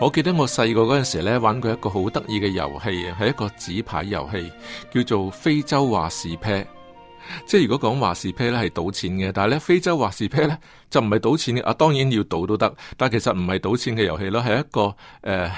我記得我細個嗰陣時咧玩過一個好得意嘅遊戲啊，係一個紙牌遊戲，叫做非洲話事啤。即係如果講話事啤咧係賭錢嘅，但係呢非洲話事啤呢就唔係賭錢嘅。啊，當然要賭都得，但其實唔係賭錢嘅遊戲咯，係一個誒。呃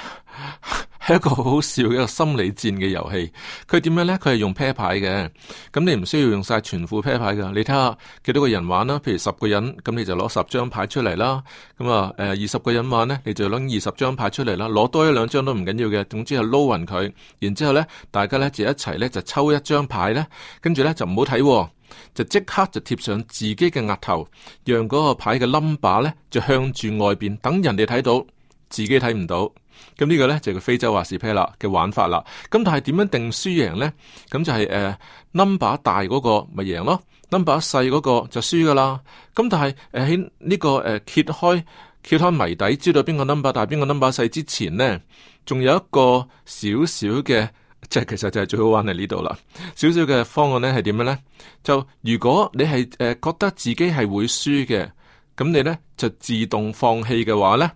係一個好好笑嘅心理戰嘅遊戲。佢點樣呢？佢係用啤牌嘅。咁你唔需要用晒全副啤牌㗎。你睇下幾多個人玩啦。譬如十個人，咁你就攞十張牌出嚟啦。咁啊，誒、呃、二十個人玩呢，你就攞二十張牌出嚟啦。攞多一兩張都唔緊要嘅。總之係撈勻佢。然之後呢，大家呢，就一齊呢，就抽一張牌呢。跟住呢，就唔好睇，就即刻就貼上自己嘅額頭，讓嗰個牌嘅 number 呢就向住外邊，等人哋睇到，自己睇唔到。咁呢個咧就係個非洲話事啤啦嘅玩法啦，咁但係點樣定輸贏咧？咁就係、是、誒、呃、number 大嗰個咪贏咯，number 細嗰個就輸噶啦。咁但係誒喺呢個誒、呃、揭開揭開謎底，知道邊個 number 大邊個 number 細之前咧，仲有一個少少嘅，即係其實就係最好玩喺呢度啦。少少嘅方案咧係點樣咧？就如果你係誒、呃、覺得自己係會輸嘅，咁你咧就自動放棄嘅話咧。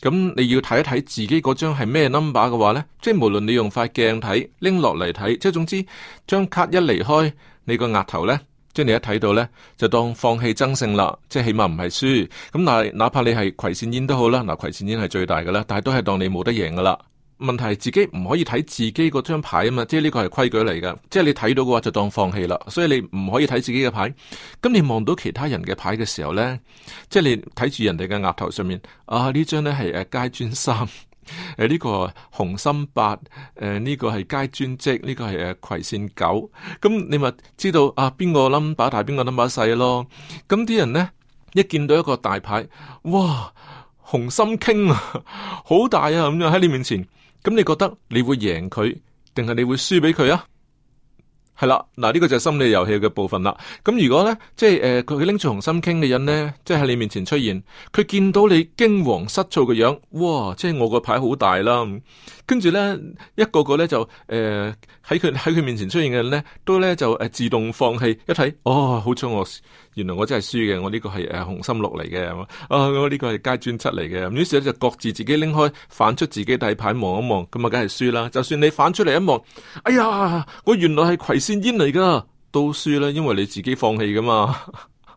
咁你要睇一睇自己嗰張係咩 number 嘅話呢？即係無論你用塊鏡睇，拎落嚟睇，即係總之張卡一離開你個額頭呢，即係你一睇到呢，就當放棄爭勝啦，即係起碼唔係輸。咁但係，哪怕你係葵扇煙都好啦，嗱葵扇煙係最大噶啦，但係都係當你冇得贏噶啦。問題係自己唔可以睇自己嗰張牌啊嘛，即係呢個係規矩嚟㗎。即係你睇到嘅話就當放棄啦，所以你唔可以睇自己嘅牌。咁你望到其他人嘅牌嘅時候咧，即係你睇住人哋嘅額頭上面啊，張呢張咧係誒階磚三，誒、啊、呢、這個紅心八，誒、啊、呢、這個係階磚積，呢、這個係誒葵扇九。咁你咪知道啊，邊個 number 大，邊個 number 細咯？咁啲人咧一見到一個大牌，哇，紅心傾啊， 好大啊，咁樣喺你面前。咁你覺得你會贏佢，定係你會輸俾佢啊？係啦，嗱，呢個就係心理遊戲嘅部分啦。咁如果咧，即係誒，佢拎住紅心傾嘅人咧，即係喺你面前出現，佢見到你驚惶失措嘅樣，哇！即係我個牌好大啦，跟住咧一個個咧就誒喺佢喺佢面前出現嘅人咧，都咧就誒自動放棄，一睇哦，好彩我。原來我真係輸嘅，我呢個係誒紅心六嚟嘅，啊我個呢個係街磚七嚟嘅，於是咧就各自自己拎開，反出自己底牌望一望，咁啊梗係輸啦。就算你反出嚟一望，哎呀，我原來係葵扇煙嚟噶，都輸啦，因為你自己放棄噶嘛。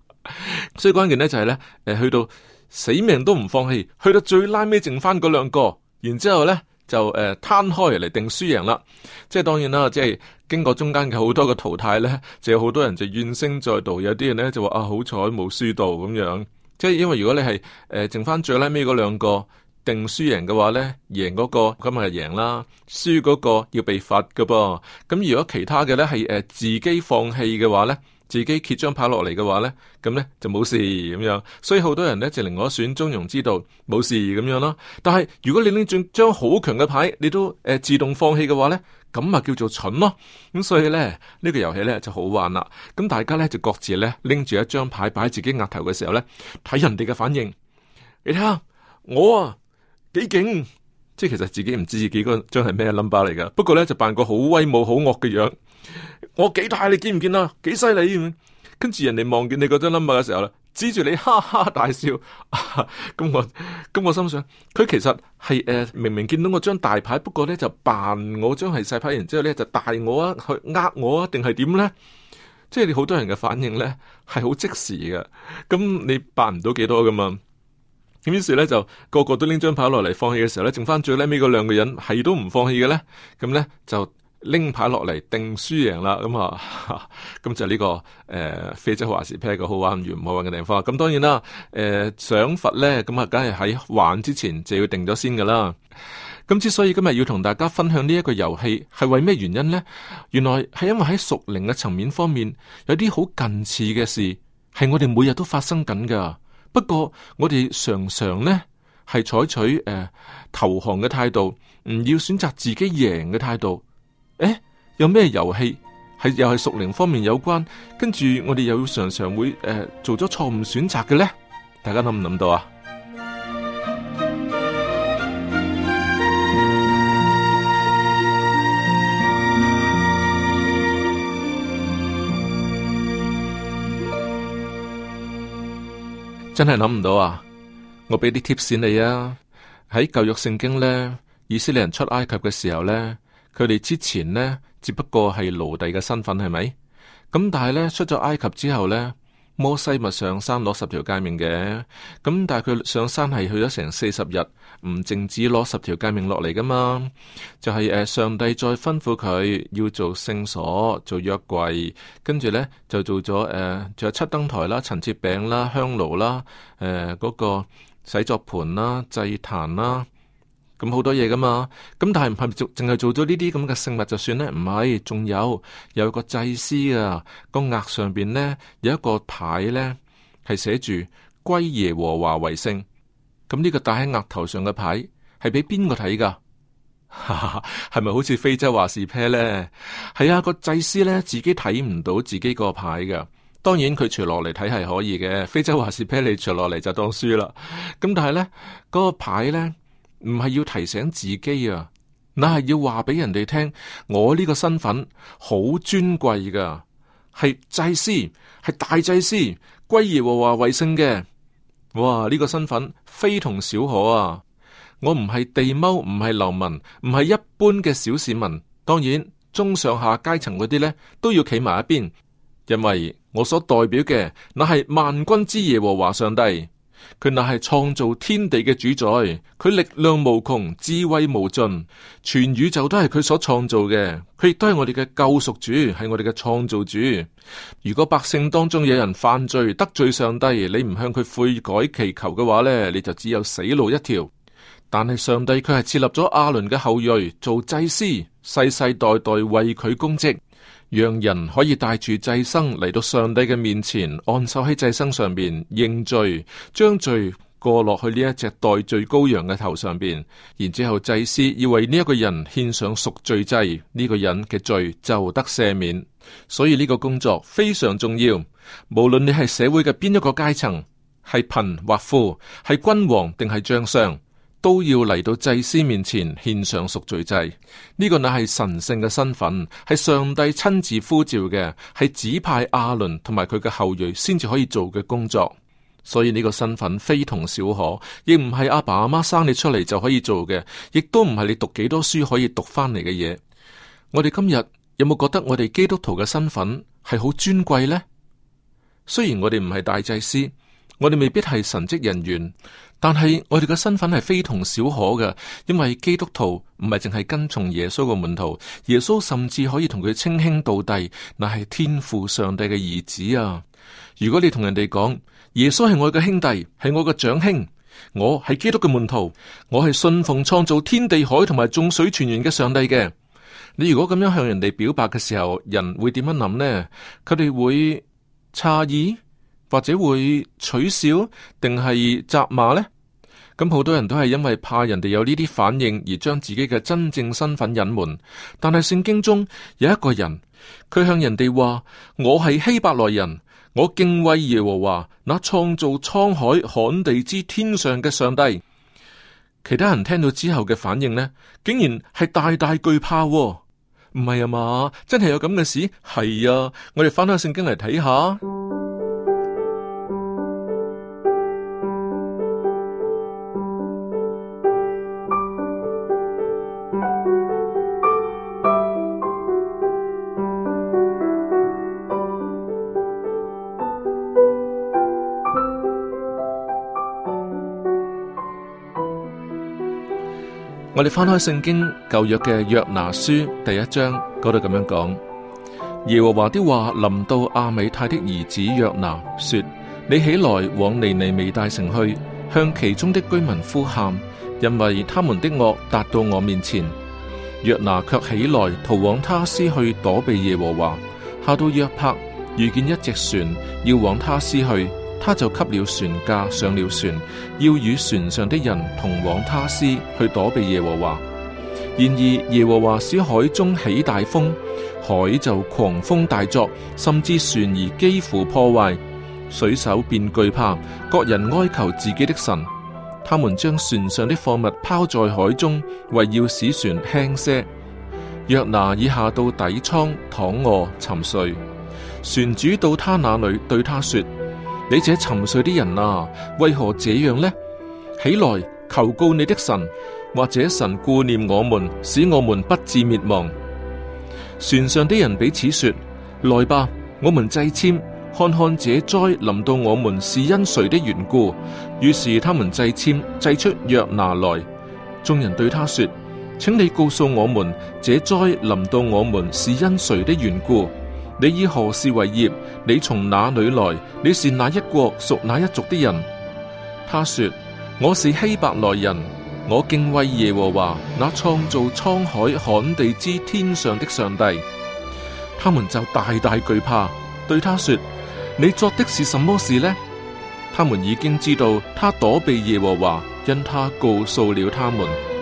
所以關鍵咧就係、是、咧，誒去到死命都唔放棄，去到最拉尾剩翻嗰兩個，然之後咧。就誒攤開嚟定輸贏啦，即係當然啦，即係經過中間嘅好多個淘汰咧，就有好多人就怨聲載道，有啲人咧就話啊好彩冇輸到咁樣，即係因為如果你係誒、呃、剩翻最拉尾嗰兩個定輸贏嘅話咧，贏嗰個咁咪贏啦，輸嗰個要被罰㗎噃，咁如果其他嘅咧係誒自己放棄嘅話咧。自己揭張牌落嚟嘅話呢，咁呢，就冇事咁樣，所以好多人呢，就令我選中庸之道，冇事咁樣咯。但係如果你拎住張好強嘅牌，你都誒、呃、自動放棄嘅話呢，咁咪叫做蠢咯。咁所以呢，呢、呢個遊戲呢，就好玩啦。咁大家呢，就各自呢，拎住一張牌擺喺自己額頭嘅時候呢，睇人哋嘅反應。你睇下我啊幾勁，即係其實自己唔知自己嗰張係咩 number 嚟噶。不過呢，就扮個好威武、好惡嘅樣。我幾大你見唔見啊？幾犀利。跟住人哋望見你嗰張 number 嘅時候咧，指住你哈哈大笑，啊。咁我咁我心想，佢其實係誒，明明見到我張大牌，不過咧就扮我張係細牌，然之後咧就大我啊，去呃我啊，定係點咧？即係你好多人嘅反應咧，係好即時嘅。咁你扮唔到幾多噶嘛？咁於是咧就個個都拎張牌落嚟放棄嘅時候咧，剩翻最 last 尾嗰兩個人係都唔放棄嘅咧。咁咧就。拎牌落嚟定輸贏啦，咁、嗯、啊，咁就呢、這個誒、仔、呃、洲華士 p a i 個好玩與唔好玩嘅地方。咁、嗯、當然啦，誒、呃，上佛咧，咁、嗯、啊，梗係喺玩之前就要定咗先噶啦。咁、嗯、之所以今日要同大家分享呢一個遊戲，係為咩原因咧？原來係因為喺屬靈嘅層面方面，有啲好近似嘅事，係我哋每日都發生緊噶。不過我哋常常咧係採取誒、呃、投降嘅態度，唔要選擇自己贏嘅態度。誒，有咩、欸、遊戲係又係屬靈方面有關？跟住我哋又要常常會誒、呃、做咗錯誤選擇嘅咧？大家諗唔諗到啊？ 真係諗唔到啊！我俾啲貼士你啊！喺舊約聖經咧，以色列人出埃及嘅時候咧。佢哋之前呢，只不過係奴隸嘅身份，係咪？咁但係呢，出咗埃及之後呢，摩西咪上山攞十條誡命嘅。咁但係佢上山係去咗成四十日，唔淨止攞十條誡命落嚟㗎嘛？就係誒，上帝再吩咐佢要做聖所、做約櫃，跟住呢，就做咗誒，仲、呃、有七燈台啦、陳設餅啦、香爐啦、誒、呃、嗰、個洗濯盤啦、祭壇啦。咁好多嘢噶嘛？咁但係唔係做淨係做咗呢啲咁嘅聖物就算呢？唔係，仲有有個祭司啊，個額上邊呢，有一個牌呢，係寫住歸耶和華為聖。咁呢個戴喺額頭上嘅牌係俾邊個睇噶？係咪 好似非洲話事啤呢？係啊，個祭司呢，自己睇唔到自己個牌噶。當然佢除落嚟睇係可以嘅，非洲話事啤你除落嚟就當輸啦。咁但係呢，嗰個牌呢。唔係要提醒自己啊，那係要話俾人哋聽，我呢個身份好尊貴噶，係祭司，係大祭司，歸耶和華為聖嘅。哇，呢個身份非同小可啊！我唔係地踎，唔係流民，唔係一般嘅小市民。當然，中上下階層嗰啲呢，都要企埋一邊，因為我所代表嘅那係萬軍之耶和華上帝。佢乃係創造天地嘅主宰，佢力量無窮，智慧無盡，全宇宙都係佢所創造嘅。佢亦都係我哋嘅救贖主，係我哋嘅創造主。如果百姓當中有人犯罪得罪上帝，你唔向佢悔改祈求嘅話呢，你就只有死路一條。但係上帝佢係設立咗亞倫嘅後裔做祭司，世世代代為佢供職。讓人可以帶住祭牲嚟到上帝嘅面前，按手喺祭牲上面認罪，將罪過落去呢一隻代罪羔羊嘅頭上邊，然之後祭司要為呢一個人獻上贖罪祭，呢、呢個人嘅罪就得赦免。所以呢個工作非常重要，無論你係社會嘅邊一個階層，係貧或富，係君王定係將相。都要嚟到祭司面前獻上贖罪祭，呢個乃係神聖嘅身份，係上帝親自呼召嘅，係指派亞倫同埋佢嘅後裔先至可以做嘅工作。所以呢個身份非同小可，亦唔係阿爸阿媽生你出嚟就可以做嘅，亦都唔係你讀幾多書可以讀翻嚟嘅嘢。我哋今日有冇覺得我哋基督徒嘅身份係好尊貴呢？雖然我哋唔係大祭司。我哋未必係神職人員，但係我哋嘅身份係非同小可嘅，因為基督徒唔係淨係跟從耶穌嘅門徒，耶穌甚至可以同佢稱兄道弟，乃係天父上帝嘅兒子啊！如果你同人哋講耶穌係我嘅兄弟，係我嘅長兄，我係基督嘅門徒，我係信奉創造天地海同埋眾水泉源嘅上帝嘅，你如果咁樣向人哋表白嘅時候，人會點樣諗呢？佢哋會詫異。或者會取笑，定係責罵呢？咁好多人都係因為怕人哋有呢啲反應而將自己嘅真正身份隱瞞。但係聖經中有一個人，佢向人哋話：我係希伯來人，我敬畏耶和華，那創造滄海、旱地之天上嘅上帝。其他人聽到之後嘅反應呢，竟然係大大懼怕哦。唔係啊嘛？真係有咁嘅事？係啊，我哋翻開聖經嚟睇下。我哋翻開聖經舊約嘅約拿書第一章嗰度咁樣講，耶和華的話臨到亞美太的兒子約拿說：你起來往尼尼微大城去，向其中的居民呼喊，因為他們的惡達到我面前。約拿卻起來逃往他施去躲避耶和華，下到約帕，遇見一隻船要往他施去。他就給了船架上了船，要與船上的人同往他斯去躲避耶和華。然而耶和華使海中起大風，海就狂風大作，甚至船兒幾乎破壞。水手便懼怕，各人哀求自己的神。他們將船上的貨物拋在海中，為要使船輕些。約拿以下到底艙躺卧沉睡。船主到他那裏對他說。你這沉睡的人啊，為何這樣呢？起來，求告你的神，或者神顧念我們，使我們不致滅亡。船上的人彼此說：來吧，我們祭籤，看看這災臨到我們是因誰的緣故。於是他們祭籤，祭出約拿來。眾人對他說：請你告訴我們，這災臨到我們是因誰的緣故？你以何事為業？你從哪裏來？你是哪一國、屬哪一族的人？他說：我是希伯來人。我敬畏耶和華，那創造滄海，海、旱地之天上的上帝。他們就大大懼怕，對他說：你作的是什麼事呢？他們已經知道他躲避耶和華，因他告訴了他們。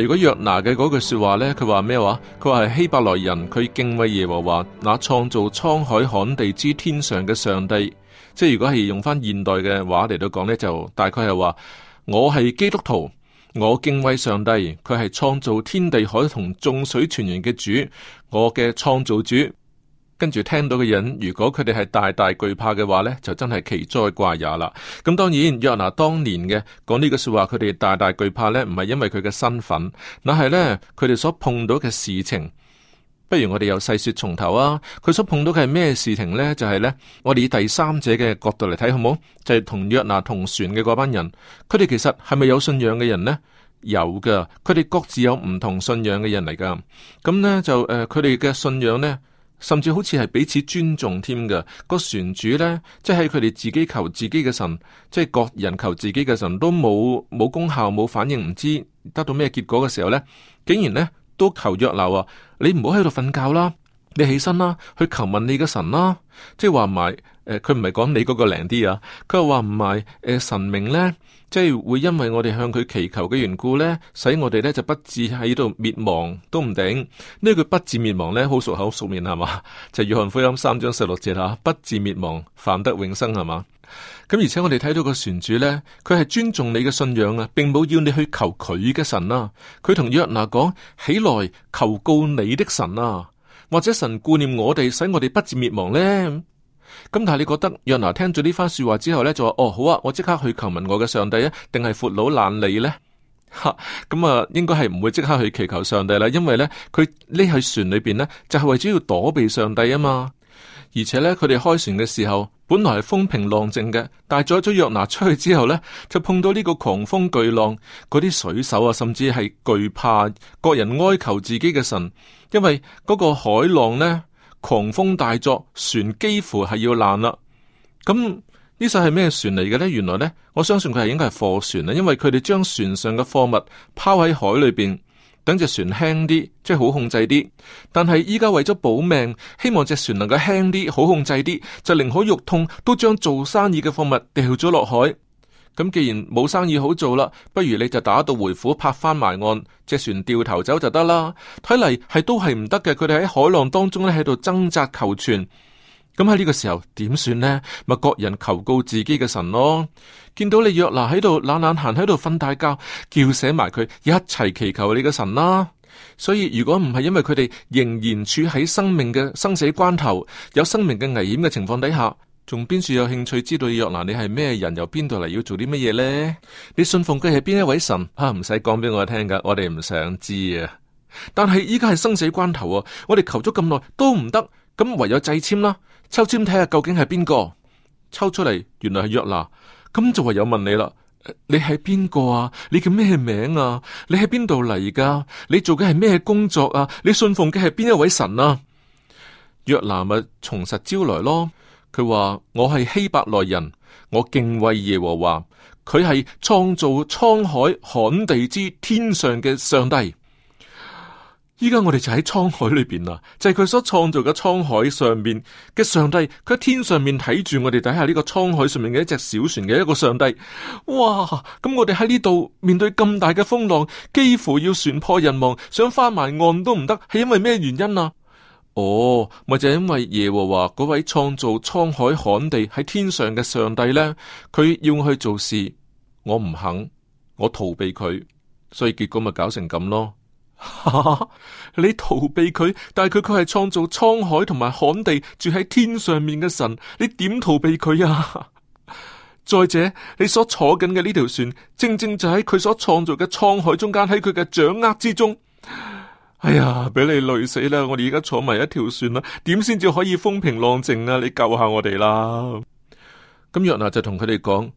如果約拿嘅嗰句說話呢，佢話咩話？佢話係希伯來人，佢敬畏耶和華，那創造滄海旱地之天上嘅上帝。即係如果係用翻現代嘅話嚟到講呢，就大概係話我係基督徒，我敬畏上帝，佢係創造天地海同眾水泉源嘅主，我嘅創造主。跟住聽到嘅人，如果佢哋係大大懼怕嘅話呢，就真係奇哉怪也啦。咁當然，約拿當年嘅講呢句說話，佢哋大大懼怕呢唔係因為佢嘅身份，但係呢，佢哋所碰到嘅事情。不如我哋又細說從頭啊。佢所碰到嘅係咩事情呢？就係呢，我哋以第三者嘅角度嚟睇，好冇就係同約拿同船嘅嗰班人，佢哋其實係咪有信仰嘅人呢？有噶，佢哋各自有唔同信仰嘅人嚟噶。咁呢，就誒，佢哋嘅信仰呢。甚至好似係彼此尊重添嘅，個船主咧，即係佢哋自己求自己嘅神，即係各人求自己嘅神，都冇冇功效、冇反應，唔知得到咩結果嘅時候咧，竟然咧都求約拿啊，你唔好喺度瞓覺啦。你起身啦、啊，去求問你嘅神啦、啊，即係話唔係，誒、呃，佢唔係講你嗰個靈啲啊，佢又話唔係，誒、呃，神明咧，即係會因為我哋向佢祈求嘅緣故咧，使我哋咧就不至喺度滅亡都唔定。呢句「不至滅亡」咧，好熟口熟面係嘛？ 就係約翰福音三章十六節吓、啊，不至滅亡，反得永生係嘛？咁 而且我哋睇到個船主咧，佢係尊重你嘅信仰啊，並冇要你去求佢嘅神啊，佢同約拿講，起來求告你的神啊。或者神顧念我哋，使我哋不至滅亡呢？咁但係你覺得若拿聽咗呢番說話之後呢，就話「哦好啊，我即刻去求問我嘅上帝啊，定係闊佬懶理呢？」吓，咁啊，應該係唔會即刻去祈求上帝啦，因為呢，佢匿喺船裏邊呢，就係、是、為咗要躲避上帝啊嘛。而且呢，佢哋開船嘅時候，本來係風平浪靜嘅，但係載咗約拿出去之後呢，就碰到呢個狂風巨浪。嗰啲水手啊，甚至係懼怕，各人哀求自己嘅神，因為嗰個海浪呢，狂風大作，船幾乎係要爛啦。咁呢艘係咩船嚟嘅呢？原來呢，我相信佢係應該係貨船啦，因為佢哋將船上嘅貨物拋喺海裏邊。等隻船輕啲，即係好控制啲。但係依家為咗保命，希望隻船能夠輕啲、好控制啲，就寧可肉痛都將做生意嘅貨物掉咗落海。咁既然冇生意好做啦，不如你就打道回府，泊返埋岸，隻船掉頭走就得啦。睇嚟係都係唔得嘅。佢哋喺海浪當中咧，喺度掙扎求存。咁喺呢個時候點算呢？咪各人求告自己嘅神咯。見到你若拿喺度懶懶閒喺度瞓大覺，叫醒埋佢，一齊祈求你嘅神啦。所以如果唔係因為佢哋仍然處喺生命嘅生死關頭，有生命嘅危險嘅情況底下，仲邊處有興趣知道若拿你係咩人，由邊度嚟，要做啲乜嘢呢？你信奉嘅係邊一位神？吓、啊，唔使講俾我聽噶，我哋唔想知啊。但係依家係生死關頭啊，我哋求咗咁耐都唔得，咁唯有祭簽啦。抽籤睇下究竟係邊個，抽出嚟原來係約拿，咁就話有唯有問你啦，你係邊個啊？你叫咩名啊？你喺邊度嚟噶？你做嘅係咩工作啊？你信奉嘅係邊一位神啊？約拿咪從實招來咯，佢話我係希伯來人，我敬畏耶和華，佢係創造滄海、旱地之天上嘅上帝。依家我哋就喺滄海裏邊啦，就係佢所創造嘅滄海上面嘅上帝，佢喺天上面睇住我哋底下呢個滄海上面嘅一隻小船嘅一個上帝。哇！咁我哋喺呢度面對咁大嘅風浪，幾乎要船破人亡，想翻埋岸都唔得，係因為咩原因啊？哦，咪就係因為耶和華嗰位創造滄海旱地喺天上嘅上帝呢，佢要去做事，我唔肯，我逃避佢，所以結果咪搞成咁咯。哈，哈！你逃避佢，但係佢佢係創造滄海同埋旱地住喺天上面嘅神，你點逃避佢啊？ 再者，你所坐緊嘅呢條船，正正就喺佢所創造嘅滄海中間，喺佢嘅掌握之中。哎呀，俾你累死啦！我哋而家坐埋一條船啦，點先至可以風平浪靜啊？你救下我哋啦！咁約拿就同佢哋講，誒、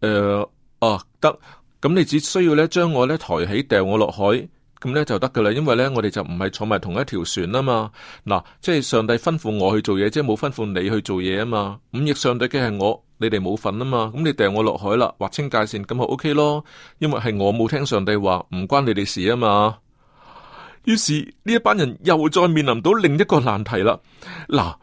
呃，哦、啊，得，咁你只需要咧將我咧抬起，掉我落海。咁咧就得噶啦，因為咧我哋就唔係坐埋同一條船啊嘛。嗱，即係上帝吩咐我去做嘢，即係冇吩咐你去做嘢啊嘛，五亦上帝嘅係我，你哋冇份啊嘛，咁你掟我落海啦，劃清界線咁就 OK 咯，因為係我冇聽上帝話，唔關你哋事啊嘛。於是呢一班人又再面臨到另一個難題啦，嗱，誒、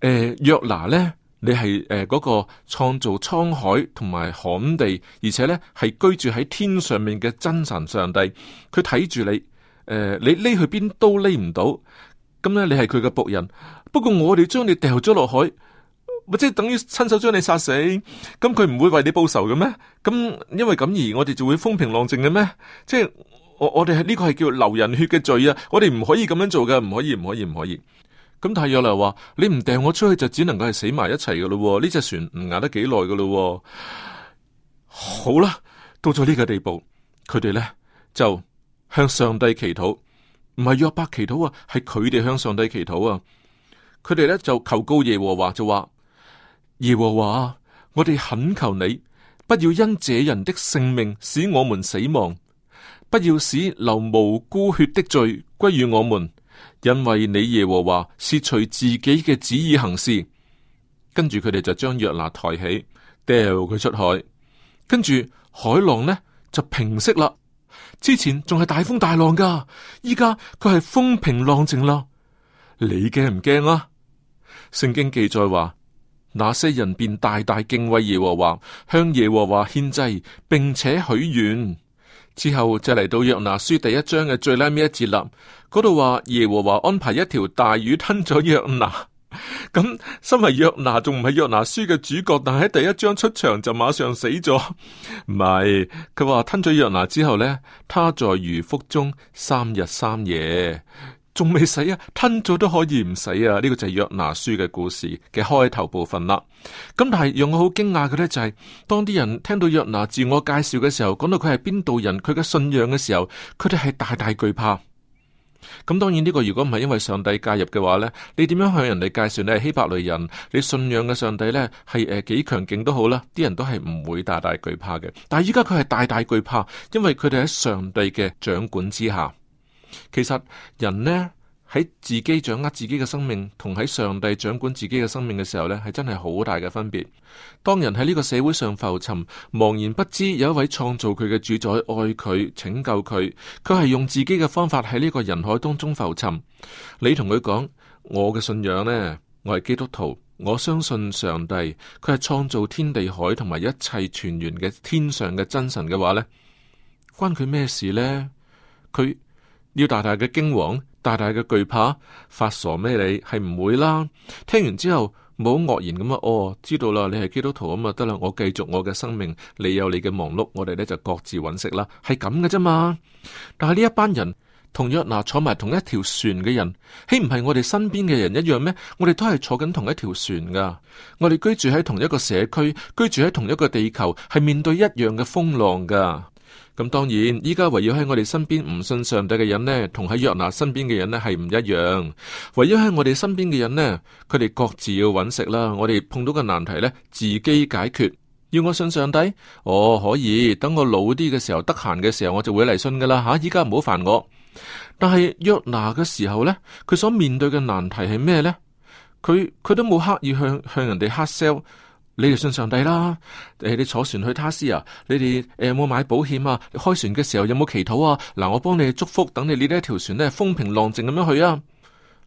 呃、約拿呢？你係誒嗰個創造滄海同埋旱地，而且咧係居住喺天上面嘅真神上帝，佢睇住你，誒、呃、你匿去邊都匿唔到，咁咧你係佢嘅僕人。不過我哋將你掉咗落海，咪即係等於親手將你殺死，咁佢唔會為你報仇嘅咩？咁因為咁而我哋就會風平浪靜嘅咩？即係我我哋係呢個係叫流人血嘅罪啊！我哋唔可以咁樣做嘅，唔可以唔可以唔可以。咁太約又嚟話：你唔掟我出去，就只能夠係死埋一齊噶咯。呢隻船唔捱得幾耐噶咯。好啦，到咗呢個地步，佢哋咧就向上帝祈禱，唔係約伯祈禱啊，係佢哋向上帝祈禱啊。佢哋咧就求告耶和華，就話：耶和華，我哋懇求你，不要因這人的性命使我們死亡，不要使流無辜血的罪歸於我們。因為你耶和華是隨自己嘅旨意行事，跟住佢哋就將約拿抬起，掉佢出海，跟住海浪呢就平息啦。之前仲係大風大浪噶，依家佢係風平浪靜啦。你驚唔驚啊？聖經記載話，那些人便大大敬畏耶和華，向耶和華獻祭，並且許願。之後就嚟到約拿書第一章嘅最 last 一節啦，嗰度話，耶和華安排一條大魚吞咗約拿，咁 身為約拿仲唔係約拿書嘅主角，但係喺第一章出場就馬上死咗，唔係佢話吞咗約拿之後呢，他在魚腹中三日三夜。仲未死啊！吞咗都可以唔死啊！呢個就係約拿書嘅故事嘅開頭部分啦。咁但係讓我好驚訝嘅呢，就係當啲人聽到約拿自我介紹嘅時候，講到佢係邊度人，佢嘅信仰嘅時候，佢哋係大大懼怕。咁當然呢個如果唔係因為上帝介入嘅話呢，你點樣向人哋介紹你係希伯來人，你信仰嘅上帝呢，係誒幾強勁都好啦，啲人都係唔會大大懼怕嘅。但係依家佢係大大懼怕，因為佢哋喺上帝嘅掌管之下。其實人呢喺自己掌握自己嘅生命，同喺上帝掌管自己嘅生命嘅時候呢，係真係好大嘅分別。當人喺呢個社會上浮沉，茫然不知有一位創造佢嘅主宰愛佢拯救佢，佢係用自己嘅方法喺呢個人海當中浮沉。你同佢講我嘅信仰呢，我係基督徒，我相信上帝，佢係創造天地海同埋一切全員嘅天上嘅真神嘅話呢，關佢咩事呢？佢。要大大嘅驚惶，大大嘅懼怕，發傻咩？你係唔會啦。聽完之後，冇愕然咁話：哦，知道啦，你係基督徒咁啊，得啦，我繼續我嘅生命，你有你嘅忙碌，我哋咧就各自揾食啦，係咁嘅啫嘛。但係呢一班人，同樣嗱坐埋同一條船嘅人，豈唔係我哋身邊嘅人一樣咩？我哋都係坐緊同一條船噶，我哋居住喺同一個社區，居住喺同一個地球，係面對一樣嘅風浪噶。咁當然，依家圍繞喺我哋身邊唔信上帝嘅人呢，同喺約拿身邊嘅人呢係唔一樣。圍繞喺我哋身邊嘅人呢，佢哋各自要揾食啦。我哋碰到個難題呢，自己解決。要我信上帝？哦，可以。等我老啲嘅時候，得閒嘅時候，我就會嚟信噶啦吓。依家唔好煩我。但係約拿嘅時候呢，佢所面對嘅難題係咩呢？佢佢都冇刻意向向人哋黑 s 你哋信上帝啦？誒、欸，你坐船去他斯啊？你哋誒、欸、有冇買保險啊？你開船嘅時候有冇祈禱啊？嗱，我幫你祝福，等你呢一條船呢，風平浪靜咁樣去啊。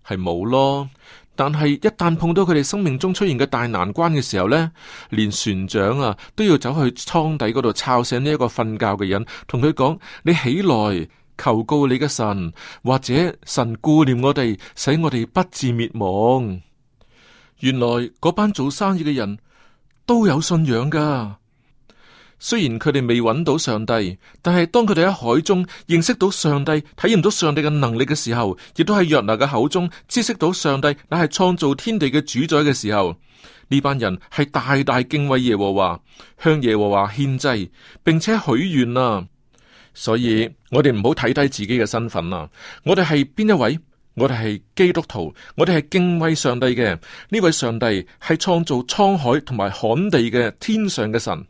係冇咯。但係一旦碰到佢哋生命中出現嘅大難關嘅時候呢，連船長啊都要走去艙底嗰度吵醒呢一個瞓覺嘅人，同佢講：你起來，求告你嘅神，或者神顧念我哋，使我哋不致滅亡。原來嗰班做生意嘅人。都有信仰噶，雖然佢哋未搵到上帝，但係當佢哋喺海中認識到上帝，體驗到上帝嘅能力嘅時候，亦都喺約拿嘅口中知識到上帝乃係創造天地嘅主宰嘅時候，呢班人係大大敬畏耶和華，向耶和華獻祭，並且許願啦。所以我哋唔好睇低自己嘅身份啦，我哋係邊一位？我哋係基督徒，我哋係敬畏上帝嘅。呢位上帝係創造滄海同埋旱地嘅天上嘅神。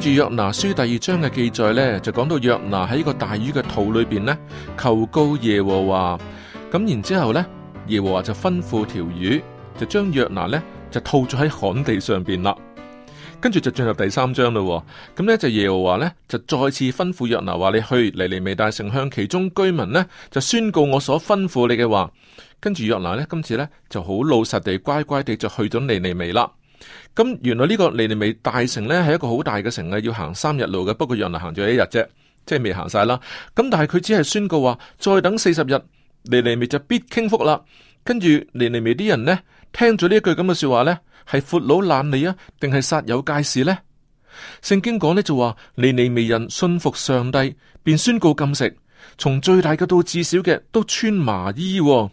跟住約拿書第二章嘅記載呢，就講到約拿喺個大魚嘅肚裏邊咧，求告耶和華。咁然之後咧，耶和華就吩咐條魚，就將約拿呢就套咗喺旱地上邊啦。跟住就進入第三章咯。咁、嗯、呢，就耶和華呢就再次吩咐約拿話：你去尼尼微大城向其中居民呢就宣告我所吩咐你嘅話。跟住約拿呢，今次呢就好老實地乖乖地就去咗尼尼微啦。咁原來呢個尼尼微大城呢，係一個好大嘅城啊，要行三日路嘅，不過原來行咗一日啫，即係未行晒啦。咁但係佢只係宣告話，再等四十日，尼尼微就必傾覆啦。跟住尼尼微啲人呢，聽咗呢一句咁嘅說話呢，係闊佬懶理啊，定係煞有介事呢？」聖經講呢就，就話，尼尼微人信服上帝，便宣告禁食，從最大嘅到至少嘅都穿麻衣，哦。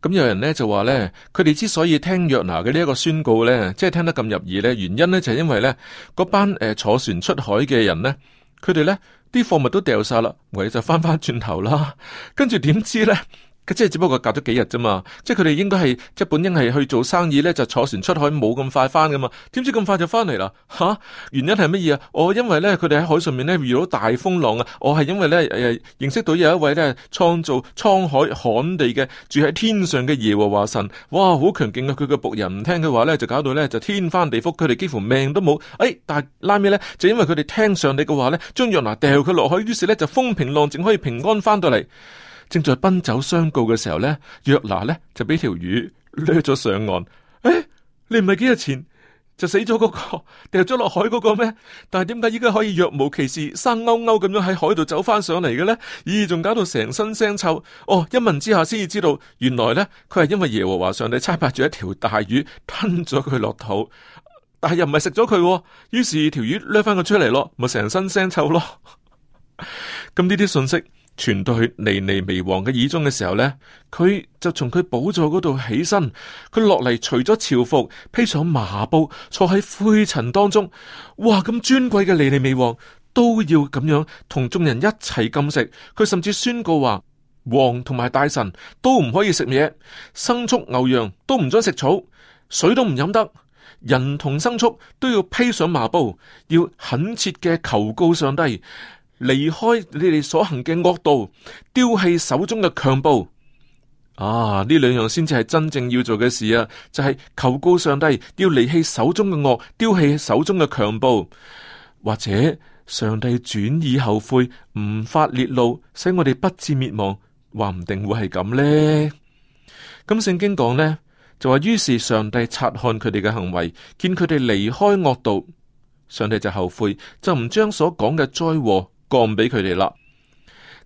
咁有人咧就話咧，佢哋之所以聽約拿嘅呢一個宣告咧，即係聽得咁入耳咧，原因咧就係、因為咧，嗰班誒、呃、坐船出海嘅人咧，佢哋咧啲貨物都掉晒啦，唯有就翻翻轉頭啦，跟住點知咧？佢即係只不過隔咗幾日啫嘛，即係佢哋應該係即係本應係去做生意咧，就坐船出海冇咁快翻，噶嘛，點知咁快就翻嚟？啦？吓，原因係乜嘢啊？我因為咧佢哋喺海上面咧遇到大風浪啊，我係因為咧誒、呃、認識到有一位咧創造滄海旱地嘅住喺天上嘅耶和華神，哇好強勁啊！佢嘅僕人唔聽佢話咧，就搞到咧就天翻地覆，佢哋幾乎命都冇。誒、哎，但係拉尾咧？就因為佢哋聽上帝嘅話咧，將約拿掉佢落海，於是咧就風平浪靜，可以平安翻到嚟。正在奔走相告嘅時候，若呢約拿呢就俾條魚掠咗上岸。誒、欸，你唔係幾日前就死咗嗰、嗰個掉咗落海嗰個咩？但係點解依家可以若無其事，生勾勾咁樣喺海度走翻上嚟嘅呢？咦，仲搞到成身腥臭。哦，一問之下先至知道，原來呢，佢係因為耶和華上帝差派住一條大魚吞咗佢落肚，但係又唔係食咗佢。於是條魚掠翻佢出嚟咯，咪成身腥臭咯。咁呢啲信息。傳到去尼尼微王嘅耳中嘅時候呢，佢就從佢寶座嗰度起身，佢落嚟，除咗朝服，披上麻布，坐喺灰塵當中。哇！咁尊貴嘅尼尼微王都要咁樣同眾人一齊禁食。佢甚至宣告話：王同埋大臣都唔可以食嘢，牲畜牛羊都唔准食草，水都唔飲得，人同牲畜都要披上麻布，要懇切嘅求告上帝。離開你哋所行嘅惡道，丟棄手中嘅強暴啊！呢兩樣先至係真正要做嘅事啊，就係、是、求告上帝，要離棄手中嘅惡，丟棄手中嘅強暴。或者上帝轉意後悔，唔發烈怒，使我哋不致滅亡，話唔定會係咁呢。咁聖經講呢，就話，於是上帝察看佢哋嘅行為，見佢哋離開惡道，上帝就後悔，就唔將所講嘅災禍。降俾佢哋啦，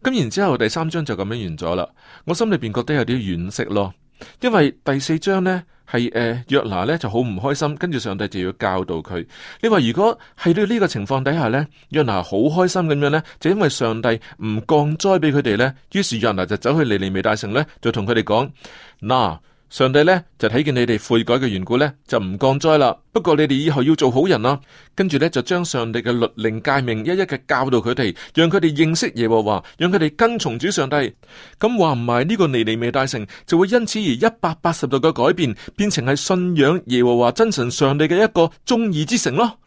咁然之後第三章就咁樣完咗啦。我心裏邊覺得有啲惋惜咯，因為第四章呢係誒約拿呢就好唔開心，跟住上帝就要教導佢。你話如果係到呢個情況底下呢，約拿好開心咁樣呢，就因為上帝唔降災俾佢哋呢。於是約拿就走去尼尼微大城呢，就同佢哋講嗱。上帝呢，就睇見你哋悔改嘅緣故呢，就唔降災啦。不過你哋以後要做好人啊，跟住呢，就將上帝嘅律令誡命一一嘅教導佢哋，讓佢哋認識耶和華，讓佢哋跟從主上帝。咁話唔埋呢個尼尼微大城就會因此而一百八十度嘅改變，變成係信仰耶和華真神上帝嘅一個忠義之城咯。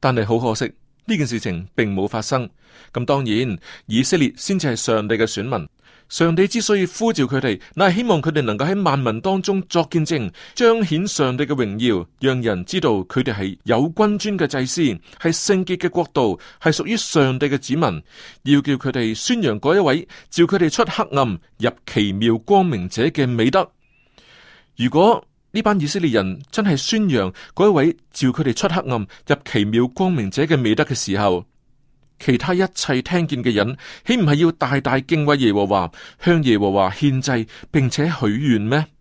但係好可惜，呢件事情並冇發生。咁當然，以色列先至係上帝嘅選民。上帝之所以呼召佢哋，乃係希望佢哋能夠喺萬民當中作見證，彰顯上帝嘅榮耀，讓人知道佢哋係有君尊嘅祭司，係聖潔嘅國度，係屬於上帝嘅子民，要叫佢哋宣揚嗰一位召佢哋出黑暗入奇妙光明者嘅美德。如果呢班以色列人真係宣揚嗰一位召佢哋出黑暗入奇妙光明者嘅美德嘅時候，其他一切聽見嘅人，豈唔係要大大敬畏耶和華，向耶和華獻祭，並且許願咩？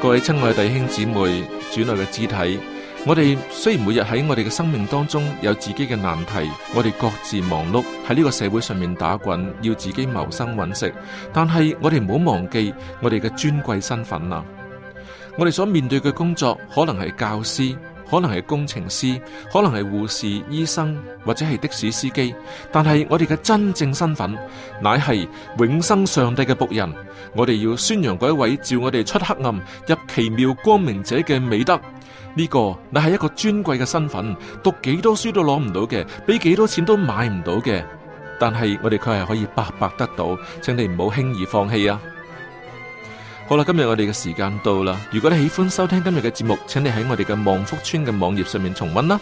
各位親愛弟兄姊妹，主內嘅肢體。我哋雖然每日喺我哋嘅生命當中有自己嘅難題，我哋各自忙碌喺呢個社會上面打滾，要自己謀生揾食。但係我哋唔好忘記我哋嘅尊貴身份啊！我哋所面對嘅工作可能係教師，可能係工程師，可能係護士、醫生或者係的士司機。但係我哋嘅真正身份乃係永生上帝嘅僕人。我哋要宣揚嗰一位召我哋出黑暗入奇妙光明者嘅美德。呢個，你係一個尊貴嘅身份，讀幾多書都攞唔到嘅，俾幾多錢都買唔到嘅。但係我哋卻係可以白白得到，請你唔好輕易放棄啊！好啦，今日我哋嘅時間到啦。如果你喜歡收聽今日嘅節目，請你喺我哋嘅望福村嘅網頁上面重溫啦。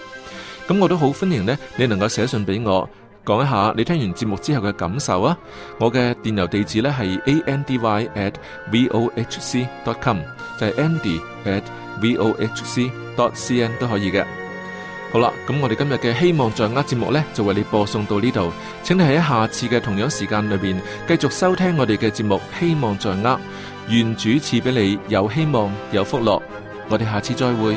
咁我都好歡迎呢，你能夠寫信俾我，講一下你聽完節目之後嘅感受啊。我嘅電郵地址呢係 andy@vohc.com，就係 andy@。vohc.dot.cn 都可以嘅。好啦，咁我哋今日嘅希望在握節目呢，就為你播送到呢度。請你喺下次嘅同樣時間裏面繼續收聽我哋嘅節目。希望在握，願主賜俾你有希望、有福樂。我哋下次再會。